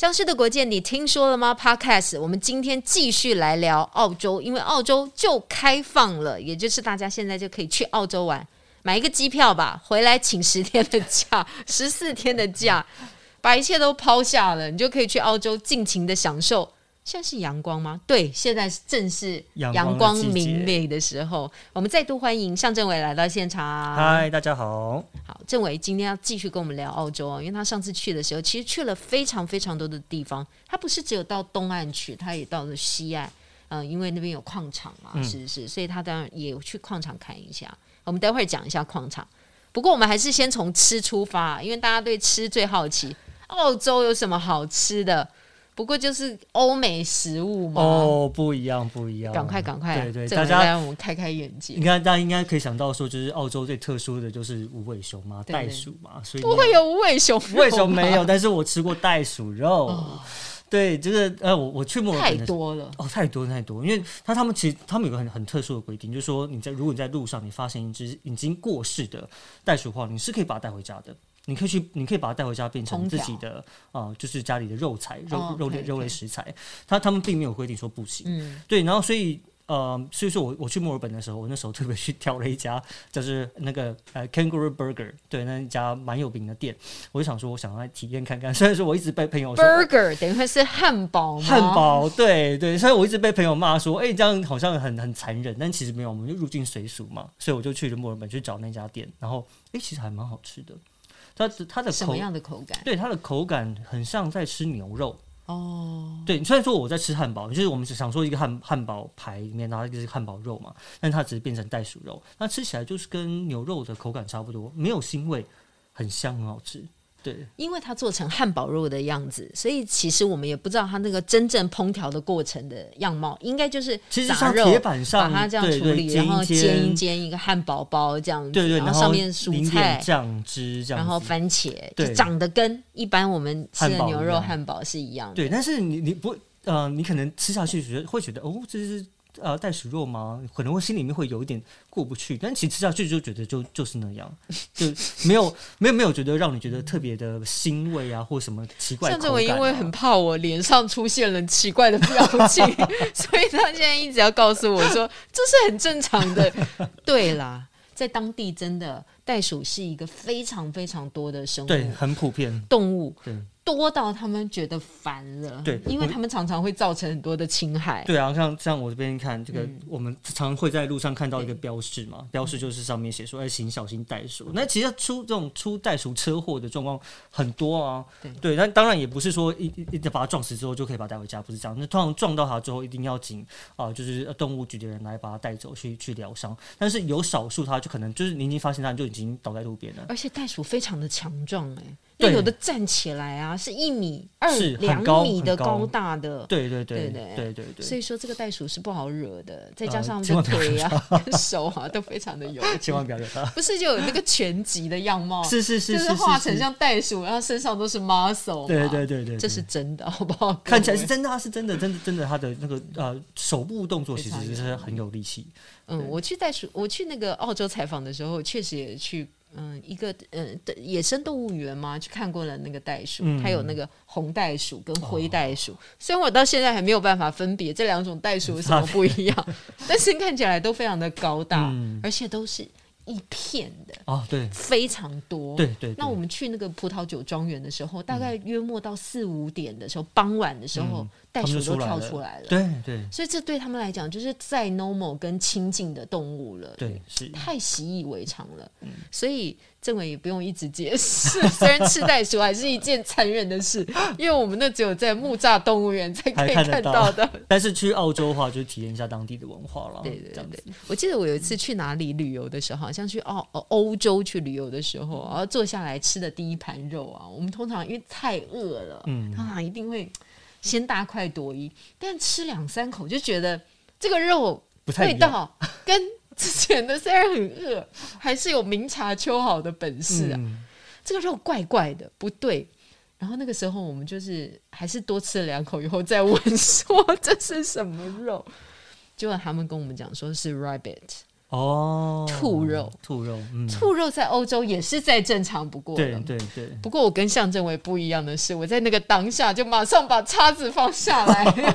消失的國界，你聽說了嗎？Podcast，我們今天繼續來聊澳洲，因為澳洲就開放了，也就是大家現在就可以去澳洲玩，買一個機票吧，回來請十天的假，十 四天的假，把一切都拋下了，你就可以去澳洲盡情的享受。現在是陽光嗎？對，現在是正是陽光明媚的時候。我們再度歡迎相振為來到現場。嗨，大家好。好，振為今天要繼續跟我們聊澳洲哦，因為他上次去的時候，其實去了非常非常多的地方。他不是只有到東岸去，他也到了西岸。嗯、呃，因為那邊有礦場嘛，嗯、是不是？所以他當然也有去礦場看一下。我們待會兒講一下礦場。不過我們還是先從吃出發，因為大家對吃最好奇。澳洲有什麼好吃的？不過就是歐美食物嘛，哦、oh，不一樣，不一樣，趕快，趕快，對,對對，大家讓我們開開眼界。你看，大家應該可以想到說，就是澳洲最特殊的就是無尾熊嘛，對對對，袋鼠嘛，所以不會有無尾熊。無尾熊沒有，但是我吃過袋鼠肉， 哦、對，就是，呃，我我去過爾太多了，哦，太多太多。因為他他們其實他們有個很很特殊的規定，就是說你在如果你在路上你發現一隻已經過世的袋鼠的話，你是可以把它帶回家的。你可以去，你可以把它帶回家，變成自己的呃，就是家裡的肉菜、肉肉類、oh, okay, okay. 肉類食材。他他們並沒有規定說不行、嗯，對。然後所以呃，所以說我我去墨爾本的時候，我那時候特別去挑了一家，就是那個呃，Kangaroo Burger，對，那一家蠻有名的店。我就想說，我想來體驗看看。雖然說我一直被朋友說 burger 等於是漢堡嗎？漢堡，對對。所以我一直被朋友罵說，哎、欸，這樣好像很很殘忍，但其實沒有，我們就入境隨俗嘛。所以我就去了墨爾本去找那家店，然後哎、欸，其實還蠻好吃的。它它的口,什麼樣的口感？對它的口感很像在吃牛肉哦。Oh. 對，雖然說我在吃漢堡，就是我們只想說一個漢漢堡排裡面拿一個漢堡肉嘛，但它只是變成袋鼠肉，它吃起來就是跟牛肉的口感差不多，沒有腥味，很香，很好吃。因為它做成漢堡肉的樣子，所以其實我們也不知道它那個真正烹調的過程的樣貌，應該就是炸肉，把它這樣處理，對對對，煎一煎，然後煎一煎一個漢堡包這樣子，子，然後上面蔬菜、醬汁，然後番茄，就長得跟一般我們吃的牛肉漢堡是一樣的。對，但是你你不呃，你可能吃下去覺得會覺得哦，這是。呃，袋鼠肉嘛，可能會心裡面會有一點過不去，但其實吃下去就覺得就就是那樣，就沒有沒有沒有覺得讓你覺得特別的欣慰腥味啊，或什麼奇怪口感啊。上次我因為很怕我臉上出現了奇怪的表情， 所以他現在一直要告訴我說 這是很正常的。 對啦，在當地真的。袋鼠是一個非常非常多的生物，對，很普遍動物，對，多到他們覺得煩了，對，因為他們常常會造成很多的侵害。對啊，像像我這邊看這個、嗯，我們常會在路上看到一個標誌嘛，標誌就是上面寫說“哎、欸，請小心袋鼠”。那其實出這種出袋鼠車禍的狀況很多啊，對，那當然也不是說一一旦把它撞死之後就可以把它帶回家，不是這樣。那通常撞到它之後，一定要請啊，就是動物局的人來把它帶走去去療傷。但是有少數，它就可能就是你已經發現它就已經。已經倒在路邊了，而且袋鼠非常的強壯，哎。有的、那個、站起來啊，是一米二兩米的高，高大的，對對對對對對，對所以說這個袋鼠是不好惹的，再加上這個腿啊、手啊都非常的有、嗯，千萬不要惹它，不是就有那個拳擊的樣貌，是是是，是，是，是，是，就是畫成像袋鼠，然後身上都是 muscle。對對，對對對對，這是真的，好不好？看起來是真的，他是真的，真的真的，真的，他的那個呃手部動作其實是很有力氣。嗯，我去袋鼠，我去那個澳洲採訪的時候，確實也去。嗯，一個嗯的野生動物園嘛，去看過了那個袋鼠，它、嗯、有那個紅袋鼠跟灰袋鼠。雖、哦、然我到現在還沒有辦法分別這兩種袋鼠有什麼不一樣、嗯，但是看起來都非常的高大，嗯、而且都是一片的、哦、對，非常多。對，對對。那我們去那個葡萄酒莊園的時候，大概約莫到四五點的時候，嗯、傍晚的時候。嗯袋鼠都跳出來了，對對，所以這對他們來講就是再 normal 跟親近的動物了，對，對是太習以為常了。嗯，所以政委也不用一直解釋，嗯，雖然吃袋鼠還是一件殘忍的事， 因為我們那只有在木柵動物園才可以看到的。到但是去澳洲的話，就體驗一下當地的文化了。對對對，對，我記得我有一次去哪裡旅遊的時候，好像去澳哦歐洲去旅遊的時候，然後坐下來吃的第一盤肉啊，我們通常因為太餓了，嗯，通常一定會，先大快朵頤，但吃兩三口就覺得這個肉味道跟之前的，雖然很餓，還是有明察秋毫的本事啊。嗯。這個肉怪怪的，不對。然後那個時候我們就是還是多吃了兩口以後再問說這是什麼肉，結果他們跟我們講說是 rabbit。哦、oh，兔肉，兔肉，嗯、兔肉在歐洲也是再正常不過了。對對對。不過我跟相振為不一樣的是，我在那個當下就馬上把叉子放下來，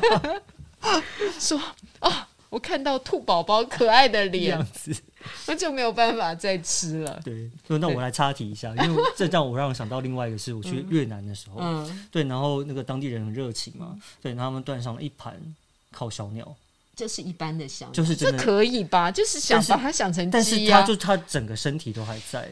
說：“啊、哦，我看到兔寶寶可愛的臉，這樣子， 我就沒有辦法再吃了。”對，所以那我來插題一下，因為這讓我讓我想到另外一個事，我去越南的時候、嗯嗯，對，然後那個當地人很熱情嘛，對，然後他們端上了一盤烤小鳥。這、就是一般的香，就是這可以吧？就是想把它想成雞、啊但，但是他就他整個身體都還在，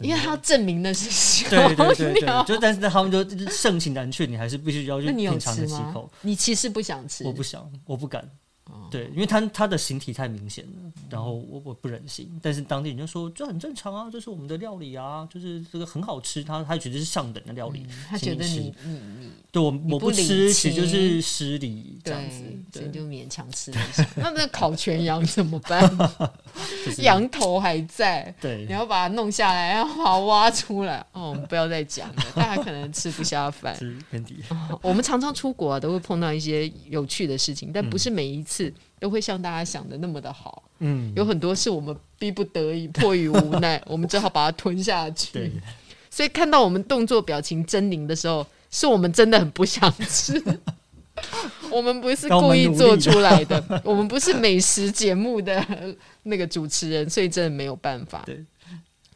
因為他要證明那是香、嗯。對對對對，對， 就但是他們就盛情難卻，你還是必須要去品嘗幾口你。你其實不想吃，我不想，我不敢。哦、對，因為他他的形體太明顯了，嗯、然後我我不忍心。但是當地人就說，這很正常啊，這是我們的料理啊，就是這個很好吃，他他覺得是上等的料理。嗯、他覺得你、嗯、你你，對我我不吃，其實就是失禮這樣子，所以就勉強吃。那那烤全羊怎麼辦、 就是？羊頭還在，對，你要把它弄下來，然後挖出來。哦，我們不要再講了，大 家可能吃不下飯。 嗯、我們常常出國、啊、都會碰到一些有趣的事情，但不是每一次、嗯。是都會像大家想的那麼的好，嗯，有很多事我們逼不得已、迫於無奈， 我們只好把它吞下去。所以看到我們動作、表情猙獰的時候，是我們真的很不想吃， 我們不是故意做出來的，的 我們不是美食節目的那個主持人，所以真的沒有辦法。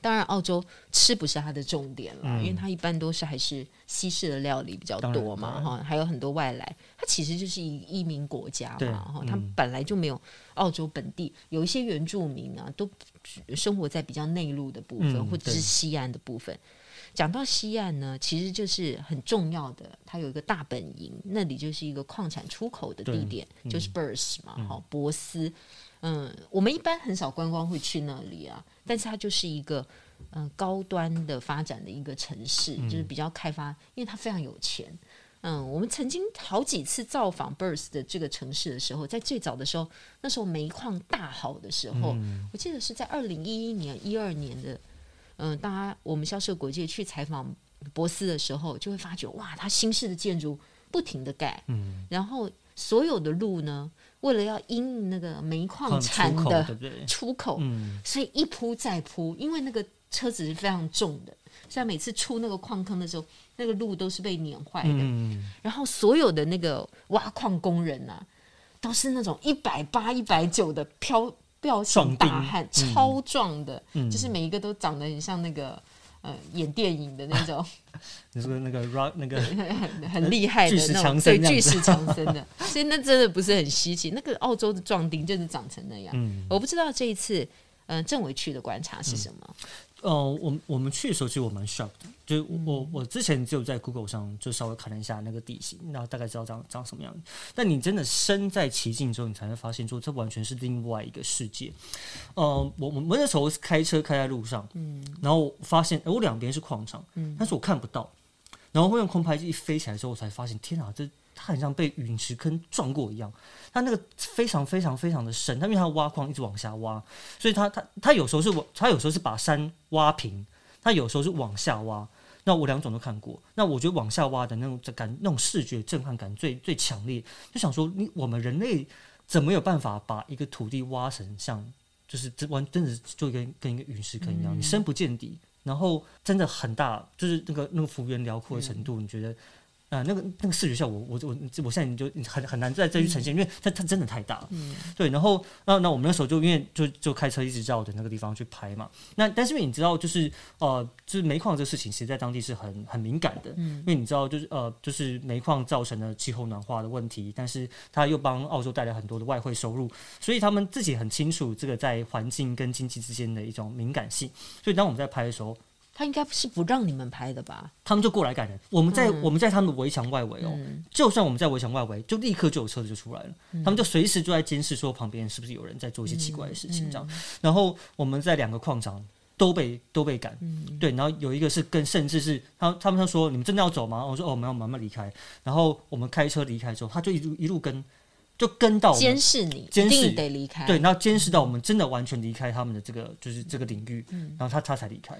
當然，澳洲吃不是它的重點了，嗯，因為它一般都是還是西式的料理比較多嘛，哈，還有很多外來。它其實就是一移民國家嘛，哈，它本來就沒有澳洲本地有一些原住民啊，都生活在比較內陸的部分，嗯，或者是西岸的部分，嗯。講到西岸呢，其實就是很重要的，它有一個大本營，那裡就是一個礦產出口的地點，就是 Perth 嘛，哈，嗯，伯斯。嗯，我們一般很少觀光會去那裡啊，但是它就是一個嗯、呃、高端的發展的一個城市、嗯，就是比較開發，因為它非常有錢。嗯，我們曾經好幾次造訪伯斯的這個城市的時候，在最早的時候，那時候煤礦大好的時候，嗯、我記得是在二零一一年一二年的，嗯、呃，大家我們消失的國界去採訪伯斯的時候，就會發覺哇，它新式的建築不停的蓋、嗯，然後所有的路呢。為了要因那個煤礦產的出口，出口對不對？出口嗯、所以一鋪再鋪，因為那個車子是非常重的，所以每次出那個礦坑的時候，那個路都是被碾壞的、嗯。然後所有的那個挖礦工人吶、啊，都是那種一百八、一百九的彪彪形大漢，超壯的、嗯，就是每一個都長得很像那個。嗯、演電影的那種，啊、你是不是那個 Rock, 那個、嗯、很厲害的那種，巨石強森，對，巨石強森的， 所以那真的不是很稀奇。那個澳洲的壯丁就是長成那樣、嗯，我不知道這一次，嗯、呃，政委去的觀察是什麼。嗯哦、呃，我們我們去的時候其實我蠻 shock 的，就是我、嗯、我之前只有在 Google 上就稍微看了一下那個地形，然後大概知道長長什麼樣。但你真的身在其境之後，你才能發現說這完全是另外一個世界。呃，我我們那時候是開車開在路上，嗯，然後發現、呃、我兩邊是礦場，嗯，但是我看不到。然後會用空拍機一飛起來之後，我才發現，天啊，這它很像被隕石坑撞過一樣。它那個非常非常非常的深，它因為它挖礦一直往下挖，所以它它它有時候是往，它有時候是把山挖平，它有時候是往下挖。那我兩種都看過，那我覺得往下挖的那種感，那種視覺震撼感最最強烈。就想說，你我們人類怎麼有辦法把一個土地挖成像，就是這完，真的就跟跟一個隕石坑一樣，嗯、你深不見底。然後真的很大，就是那個那個幅員遼闊的程度，嗯、你覺得？嗯、呃，那個那個視覺效果，我我我我現在就很很難再再去呈現，嗯、因為它它真的太大了。嗯、對，然後那那我們那時候就因為就就開車一直繞着那個地方去拍嘛。那但是因為你知道，就是呃，就是煤礦這個事情，其實在當地是很很敏感的、嗯。因為你知道，就是呃，就是煤礦造成的氣候暖化的問題，但是它又幫澳洲帶來很多的外匯收入，所以他們自己很清楚這個在環境跟經濟之間的一種敏感性。所以當我們在拍的時候。他應該是不讓你們拍的吧？他們就過來趕人。我們在、嗯、我們在他們圍牆外圍哦、喔嗯，就算我們在圍牆外圍，就立刻就有車子就出來了。嗯、他們就隨時就在監視，說旁邊是不是有人在做一些奇怪的事情這樣。嗯嗯、然後我們在兩個礦場都被都被趕、嗯，對。然後有一個是跟，甚至是他他們說他們說，你們真的要走嗎？我說哦沒有，我們慢慢離開。然後我們開車離開之後，他就一路一路跟就跟到監視你，一定得離開，對。然後監視到我們真的完全離開他們的這個就是這個領域，嗯、然後他他才離開。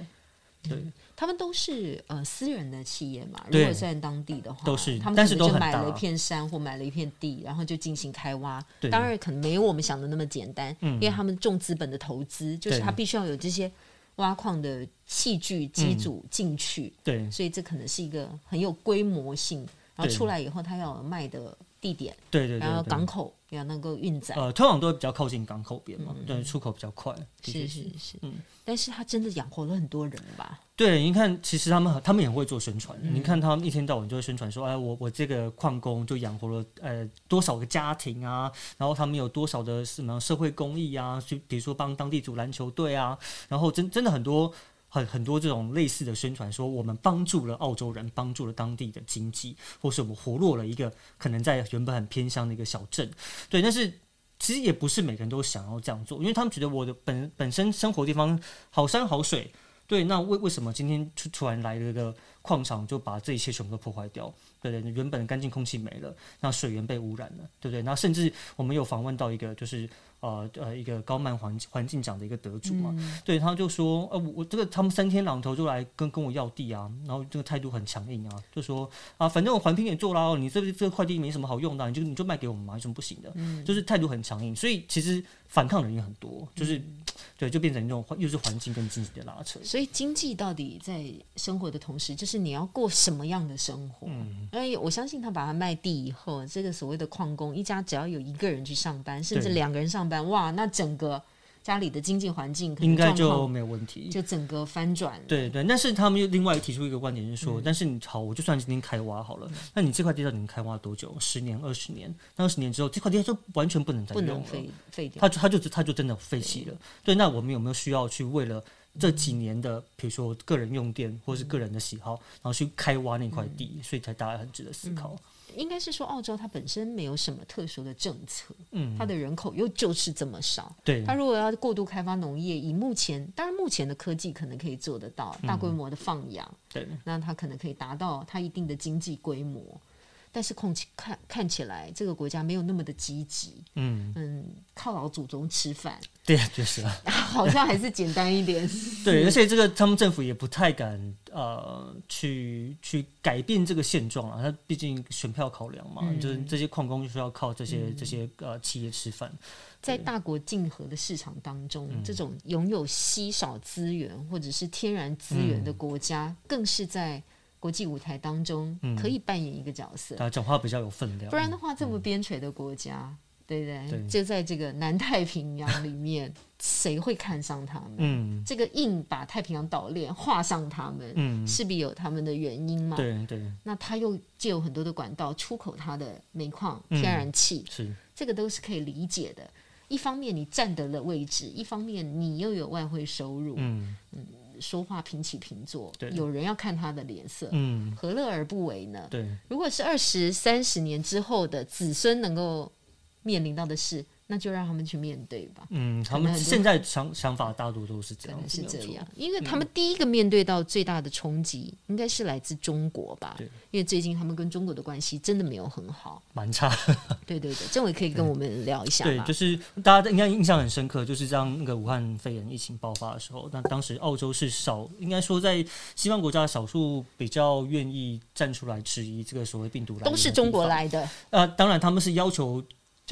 對、嗯、他們都是呃私人的企業嘛，如果是在當地的話，都他們他們可能就買了一片山或買了一片地，然後就進行開挖。當然，可能沒有我們想的那麼簡單，嗯、因為他們重資本的投資，就是他必須要有這些挖礦的器具機組進去、嗯。對，所以這可能是一個很有規模性，然後出來以後他要有賣的。地點對對，然後港口也能夠運載，呃，通常都會比較靠近港口邊嘛、嗯，對，出口比較快是。是是是，嗯，但是他真的養活了很多人吧？對，你看，其實他們他們也會做宣傳、嗯，你看他們一天到晚就會宣傳說，哎，我我這個礦工就養活了呃多少個家庭啊，然後他們有多少的什麼社會公益啊，就比如說幫當地組籃球隊啊，然後真真的很多。很很多這種類似的宣傳，說我們幫助了澳洲人，幫助了當地的經濟，或是我們活絡了一個可能在原本很偏鄉的一個小鎮。對，但是其實也不是每個人都想要這樣做，因為他們覺得我的本本身生活地方好山好水。對，那為為什麼今天出突然來了個？礦場就把這一切全部都破壞掉，對對？原本的乾淨空氣沒了，那水源被污染了，對不對？那甚至我們有訪問到一個，就是呃呃一個高曼環環境獎的一個得主嘛，嗯、對他就說，呃、啊、我，我這個他們三天兩頭就來跟跟我要地啊，然後這個態度很強硬啊，就說啊反正我環評也做了，你這這個塊地沒什麼好用的，啊，你就你就賣給我們嘛，有什麼不行的？嗯，就是態度很強硬，所以其實反抗的人也很多，就是、嗯、對，就變成一種又是環境跟經濟的拉扯。所以經濟到底在生活的同時，就是。你要過什麼樣的生活？哎、嗯，因為我相信他把它賣地以後，這個所謂的礦工一家只要有一個人去上班，甚至兩個人上班，哇，那整個家裡的經濟環境應該就沒有問題，就整個翻轉了。對，對對，但是他們又另外提出一個觀點就是說、嗯，但是你好，我就算你今天開挖好了，嗯、那你這塊地到底能開挖多久？十年、二十年？二十年之後，這塊地就完全不能再用了，不能廢廢掉，就他就他就真的廢棄了，了。對，那我們有沒有需要去為了？這幾年的，比如說個人用電或是個人的喜好，然後去開挖那塊地，嗯、所以才大家很值得思考。應該是說，澳洲它本身沒有什麼特殊的政策、嗯，它的人口又就是這麼少，對。它如果要過度開發農業，以目前當然目前的科技可能可以做得到大規模的放養、嗯，對。那它可能可以達到它一定的經濟規模。但是，空氣看看起來，這個國家沒有那麼的積極。嗯嗯，靠老祖宗吃飯，對，就是。啊，好像還是簡單一點。 對，而且這個他們政府也不太敢呃，去去改變這個現狀啊。他畢竟選票考量嘛，嗯、就是這些礦工就是要靠這些、嗯、這些呃企業吃飯。在大國競合的市場當中，嗯、這種擁有稀少資源或者是天然資源的國家，更是在。國際舞台當中可以扮演一個角色，講話比較有分量。不然的話，這麼邊陲的國家，嗯、對不對，對？就在這個南太平洋裡面，誰 會看上他們？嗯，這個硬把太平洋島鏈畫上他們，嗯，勢必有他們的原因嘛。對對。那他又借有很多的管道出口他的煤礦、天然氣、嗯，是這個都是可以理解的。一方面你占得了位置，一方面你又有外匯收入。嗯嗯。說話平起平坐，有人要看他的臉色，嗯，何樂而不為呢？對，如果是二十三十年之後的子孫能夠面臨到的是那就讓他們去面對吧。嗯，他們現在想想法大多都是這樣，是這樣，因為他們第一個面對到最大的衝擊、嗯，應該是來自中國吧？對，因為最近他們跟中國的關係真的沒有很好，蠻差。對對對，振為可以跟我們聊一下、嗯、對，就是大家應該印象很深刻，就是當那個武漢肺炎疫情爆發的時候，那當時澳洲是少，應該說在西方國家少數比較願意站出來質疑這個所謂病毒來的，都是中國來的。呃，當然他們是要求。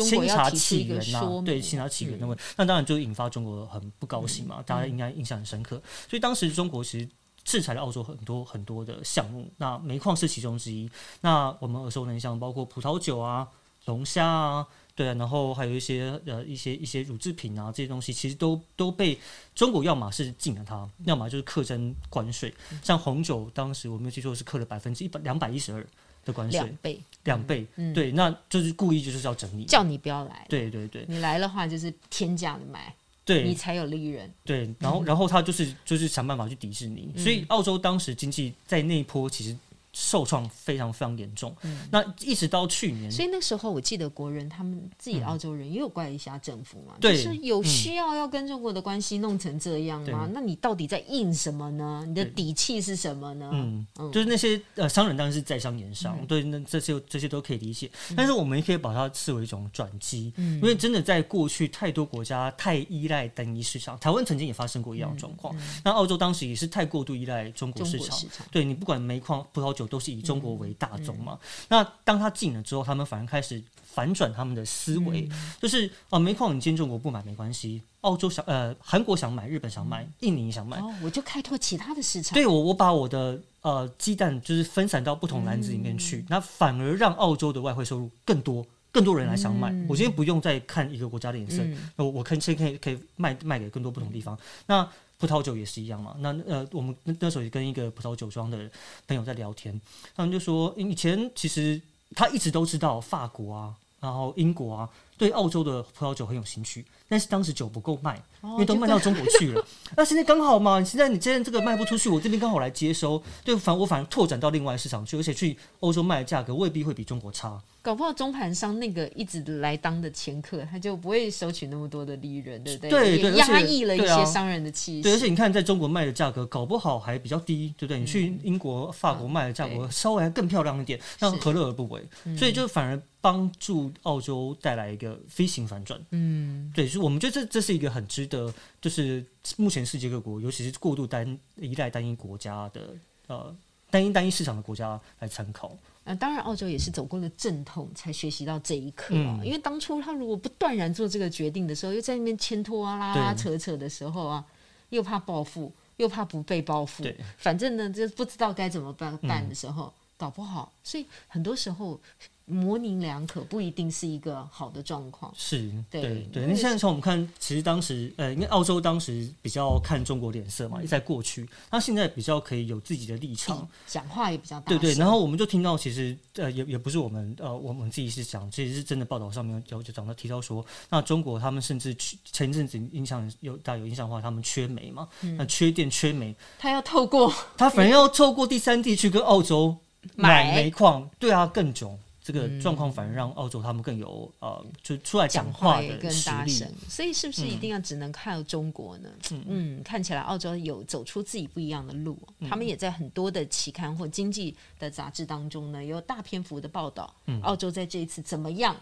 清查起源啊，起，對，清查起源的問題，那當然就引發中國很不高興嘛、嗯，大家應該印象很深刻。所以當時中國其實制裁了澳洲很多很多的項目，那煤礦是其中之一。那我們耳熟能詳，包括葡萄酒啊、龍蝦啊，對啊，然後還有一些呃一些一些乳製品啊，這些東西其實都都被中國要麼是禁了它，要麼就是課徵關稅。像紅酒，當時我們記住，是課了百分之一百兩百一十二。的關稅兩倍，兩倍，嗯、對、嗯，那就是故意就是要整你，叫你不要來，對對對，你來的話就是天價的買，對你才有利潤，對，然後、嗯、然後他就是就是想辦法去抵制你，嗯、所以澳洲當時經濟在那一波其實。受創非常非常嚴重、嗯，那一直到去年，所以那時候我記得國人他們自己的澳洲人也有怪一下政府嘛、嗯，就是有需要要跟中國的關係弄成這樣嗎？嗯、那你到底在硬什麼呢？你的底氣是什麼呢？嗯，嗯就是那些呃商人當然是在商言商，嗯、對，那這些這些都可以理解、嗯，但是我們也可以把它視為一種轉機、嗯，因為真的在過去太多國家太依賴單一市場，嗯、台灣曾經也發生過一樣狀況、嗯嗯，那澳洲當時也是太過度依賴中,中國市場，對你不管煤礦葡萄酒。都是以中國為大宗嘛、嗯嗯。那當他進了之後，他們反而開始反轉他們的思維、嗯，就是啊，煤、呃、礦你進中國不買沒關係，澳洲想呃，韓國想買，日本想買，嗯、印尼想買、哦，我就開拓其他的市場。對，我我把我的呃雞蛋就是分散到不同籃子裡面去、嗯，那反而讓澳洲的外匯收入更多。更多人來想買、嗯，我今天不用再看一個國家的眼色，嗯、我我可以可以可以賣賣給更多不同地方、嗯。那葡萄酒也是一樣嘛。那呃，我們那那時候也跟一個葡萄酒莊的朋友在聊天，他們就說，以前其實他一直都知道法國啊，然後英國啊，對澳洲的葡萄酒很有興趣，但是當時酒不夠賣，因為都賣到中國去了。哦，就是、那現在剛好嘛，現在你今天這個賣不出去，我這邊剛好來接收，對，反我反而拓展到另外市場去，而且去歐洲賣的價格未必會比中國差。搞不好中盤商那個一直來當的掮客，他就不會收取那麼多的利潤，對不對？對，對壓抑了一些商人的氣息對、就是對啊。對，而且你看，在中國賣的價格搞不好還比較低，對不對？你去英國、嗯、法國賣的價格稍微還更漂亮一點，那、嗯、何樂而不為、嗯？所以就反而幫助澳洲帶來一個飛行反轉。嗯，對，所以我們覺得這是一個很值得，就是目前世界各國，尤其是過度單依賴單一國家的呃單一單一市場的國家來參考。啊，當然，澳洲也是走過了陣痛才學習到這一課啊，嗯，因為當初他如果不斷然做這個決定的時候，又在那邊牽拖啊、拉拉扯扯的時候啊，又怕報復，又怕不被報復，反正呢就不知道該怎麼辦辦的時候，嗯，搞不好。所以很多時候。模稜兩可不一定是一個好的狀況。是對對，那現在從我們看，其實當時呃，因為澳洲當時比較看中國臉色嘛，也在過去，他現在比較可以有自己的立場，講話也比較大對，對對。然後我們就聽到，其實呃，也也不是我們呃，我們自己是講，其實是真的報道上面有就講到提到說，那中國他們甚至缺前一陣子印象有大家有印象的話，他們缺煤嘛，那、嗯呃、缺電缺煤，他要透過他反正要透過第三地去跟澳洲買煤礦，對啊，更囧。這個狀況反而讓澳洲他們更有、嗯、呃，就出來講話的大聲跟搭。所以是不是一定要只能靠中國呢？嗯，嗯，看起來澳洲有走出自己不一樣的路。嗯、他們也在很多的期刊或經濟的雜誌當中呢，有大篇幅的報道、嗯。澳洲在這一次怎麼樣？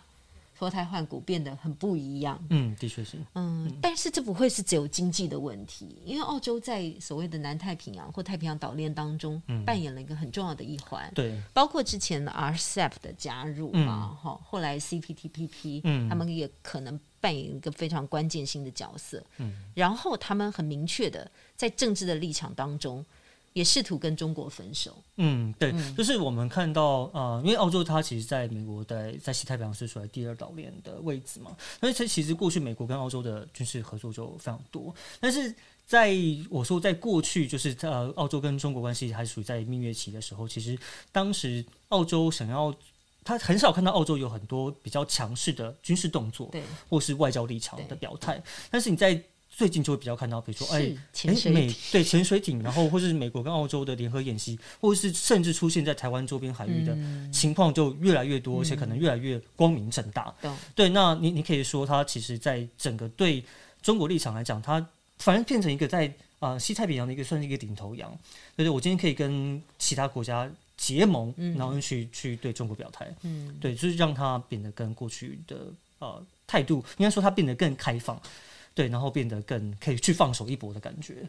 脫胎換骨，變得很不一樣。嗯，的確是。嗯，但是這不會是只有經濟的問題，嗯，因為澳洲在所謂的南太平洋或太平洋島鏈當中，嗯，扮演了一個很重要的一環。對，包括之前的 RCEP 的加入嘛，哈，嗯，後來 CPTPP，嗯，他們也可能扮演一個非常關鍵性的角色。嗯，然後他們很明確的在政治的立場當中。也試圖跟中國分手。嗯，對，就是我們看到啊、呃，因為澳洲它其實在美國在在西太平洋是屬於第二島鏈的位置嘛，所以其實過去美國跟澳洲的軍事合作就非常多。但是在我說在過去，就是呃，澳洲跟中國關係還屬於在蜜月期的時候，其實當時澳洲想要，他很少看到澳洲有很多比較強勢的軍事動作，對，或是外交立場的表態。但是你在。最近就會比較看到，比如說，哎哎、欸欸，美對潛水艇，然後或者是美國跟澳洲的聯合演習， 或者是甚至出現在台灣周邊海域的情況就越來越多、嗯，而且可能越來越光明正大、嗯。對，那你你可以說，它其實在整個對中國立場來講，它反正變成一個在啊、呃、西太平洋的一個算是一個領頭羊。對對，我今天可以跟其他國家結盟，然後去、嗯、去對中國表態。嗯，對，就是讓它變得跟過去的呃態度，應該說它變得更開放。對，然後變得更可以去放手一搏的感覺。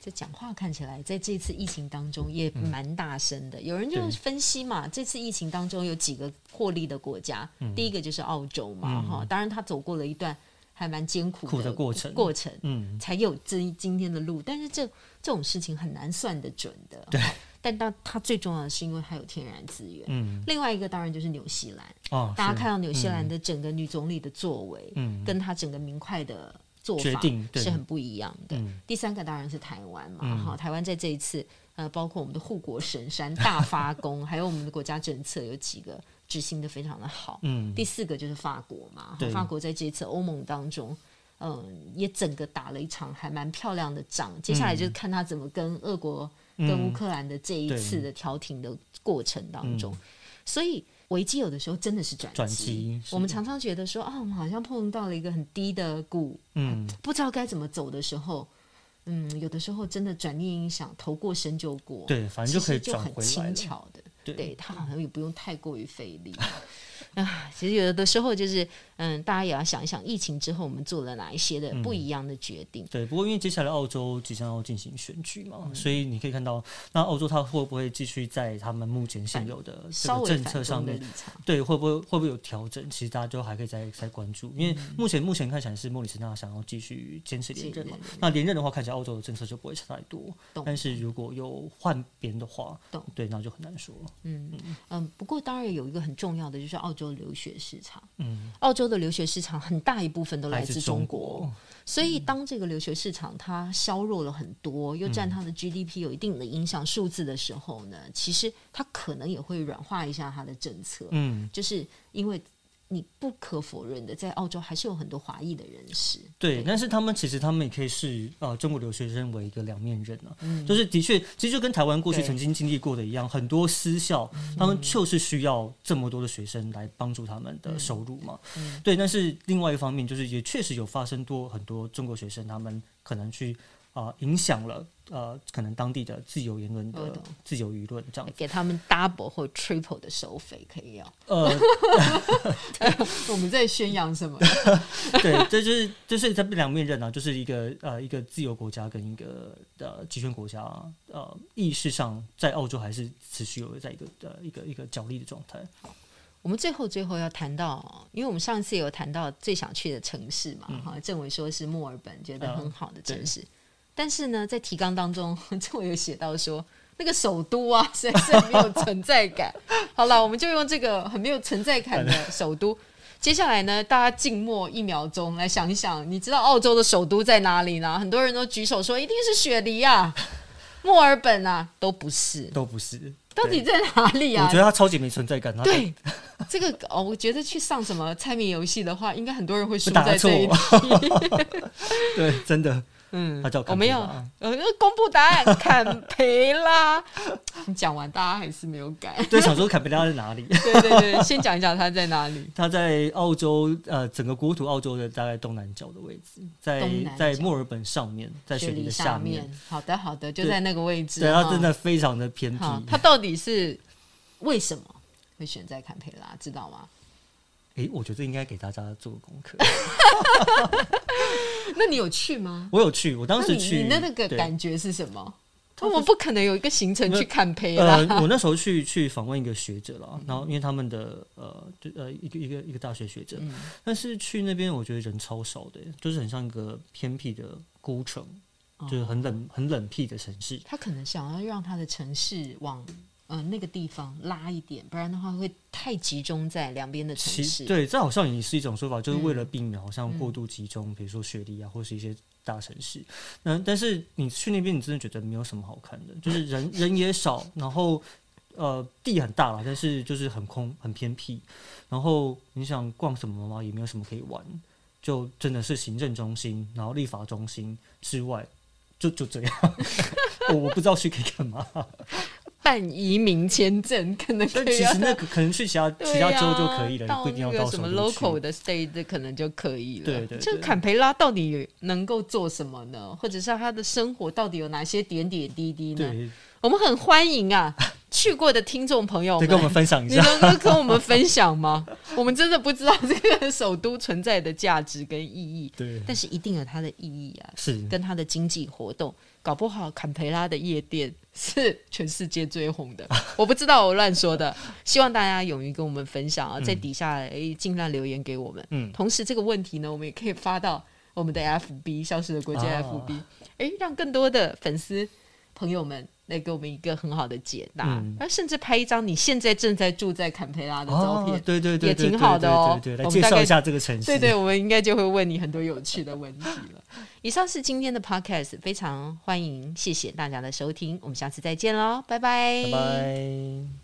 這講話看起來，在這次疫情當中也蠻大聲的。嗯、有人就分析嘛，這次疫情當中有幾個獲利的國家，嗯、第一個就是澳洲嘛，哈、嗯，當然他走過了一段還蠻艱苦的過程，過程，嗯，才有這今天的路。但是這這種事情很難算得準的，對。但當它最重要的是，因為它有天然資源。嗯。另外一個當然就是紐西蘭，哦、大家看到紐西蘭的整個女總理的作為，嗯，跟她整個明快的。做法是很不一樣的。嗯、第三個當然是台灣嘛，嗯，哈，台灣在這一次，呃，包括我們的護國神山大發功， 還有我們的國家政策有幾個執行得非常的好。嗯，第四個就是法國嘛，哈，法國在這一次歐盟當中，嗯、呃，也整個打了一場還蠻漂亮的仗。接下來就是看他怎麼跟俄國、跟烏克蘭的這一次的調停的過程當中，嗯嗯、所以。危機有的時候真的是轉機，我們常常覺得說，啊、我們好像碰到了一個很低的谷，嗯，不知道該怎麼走的時候，嗯，有的時候真的轉念一想，頭過身就過，對，反正就可以轉回來，所以就很輕巧的，對，它好像也不用太過於費力。 啊，其實有的時候就是，嗯，大家也要想一想，疫情之後我們做了哪一些的不一樣的決定、嗯。對，不過因為接下來澳洲即將要進行選舉嘛、嗯，所以你可以看到，那澳洲它會不會繼續在他們目前現有的這個政策上面，對，會不會會不會有調整？其實大家就還可以再再關注，因為目前、嗯、目前看起來是莫里森他想要繼續堅持連任嘛任人人。那連任的話，看起來澳洲的政策就不會差太多。懂。但是如果有換邊的話，懂。對，那就很難說。嗯嗯嗯，嗯。不過當然有一個很重要的就是澳洲。留學市場，嗯，澳洲的留學市場很大一部分都來自中國，中國、哦，嗯，所以當這個留學市場它削弱了很多，又占它的 GDP 有一定的影響數字的時候呢，嗯，其實它可能也會軟化一下它的政策，嗯，就是因為。你不可否認的，在澳洲還是有很多華裔的人士。對，對，但是他們其實他們也可以視，呃，中國留學生，為一個兩面人呢、啊。嗯，就是的確，其實就跟台灣過去曾經經歷過的一樣，很多私校他們就是需要這麼多的學生來幫助他們的收入嘛。嗯嗯、對。但是另外一方面，就是也確實有發生多很多中國學生，他們可能去啊、呃、影響了。呃，可能當地的自由言論的自由輿論這樣，給他們 double 或 triple 的收費可以要。呃， 我們在宣揚什麼？ 對，這就是，就是、這是他們兩面人啊，就是一個呃，一個自由國家跟一個呃集權國家呃，意識上在澳洲還是持續有在一個的、呃、一個一個角力的狀態。好，我們最後最後要談到，因為我們上次有談到最想去的城市嘛，嗯、哈，政委說是墨爾本、呃，覺得很好的城市。但是呢，在提綱當中，這我有寫到說，那個首都啊，實在是沒有存在感。 好了，我們就用這個很沒有存在感的首都。 接下來呢，大家靜默一秒鐘，來想一想，你知道澳洲的首都在哪裡呢？很多人都舉手說，一定是雪梨啊、墨爾本啊，都不是，都不是，到底在哪裡啊？我覺得它超級沒存在感。對，對，這個 哦，我覺得去上什麼猜謎遊戲的話，應該很多人會輸在這一題。 對，真的。嗯，他叫，我沒有，呃，公布答案， 坎培拉。你 講完，大家還是沒有改。 對，想說坎培拉在哪裡？ 對對對，先講一講他在哪裡。他在澳洲，呃，整個國土澳洲的大概東南角的位置，在在墨爾本上面，在雪梨下面。好的，好的，就在那個位置。對，對他真的非常的偏僻。哦。他到底是為什麼會選在坎培拉，知道嗎？誒，我覺得應該給大家做個功課。 那你有去嗎？我有去，我當時去，那，你你那個感覺是什麼？我們不可能有一個行程去坎培拉。’培、呃、了。我那時候去去訪問一個學者了、嗯，然後因為他們的呃就呃一個一個一個大學學者、嗯，但是去那邊我覺得人超少的，就是很像一個偏僻的孤城，哦、就是很冷很冷僻的城市。他可能想要讓他的城市往。嗯、呃，那個地方拉一點，不然的話會太集中在兩邊的城市。對，這好像也是一種說法，就是為了避免好、嗯、像過度集中，比如說雪梨啊，或是一些大城市。嗯，但是你去那邊，你真的覺得沒有什麼好看的，就是人人也少， 然後呃地很大了，但是就是很空、很偏僻。然後你想逛什麼嗎？也沒有什麼可以玩，就真的是行政中心，然後立法中心之外，就就這樣。我、 哦、我不知道去可以幹嘛。 辦移民簽證可那個可，但其實那個可能去其他、啊、其他州就可以了，不一定要到那個什麼 local 的 state 可能就可以了。對對、對，坎培拉到底能夠做什麼呢？或者是他的生活到底有哪些點點滴滴呢？對，我們很歡迎啊， 去過的聽眾朋友們跟我們分享一下，你能,能跟我們分享嗎？ 我們真的不知道這個首都存在的價值跟意義。對，但是一定有它的意義啊，是跟它的經濟活動，搞不好坎培拉的夜店。是全世界最紅的，我不知道，我亂說的。 希望大家勇於跟我們分享啊、嗯，在底下誒盡、欸、量留言給我們。嗯，同時這個問題呢，我們也可以發到我們的 FB 消失的國界 FB，、哦欸、讓更多的粉絲朋友們來給我們一個很好的解答。那、嗯、甚至拍一張你現在正在住在坎培拉的照片，對對對，也挺好的哦。對,對,對,對,對,對,對，來介紹一下這個城市。對,對對，我們應該就會問你很多有趣的問題了。 以上是今天的 podcast，非常歡迎，謝謝大家的收聽，我們下次再見嘍，拜拜，拜拜。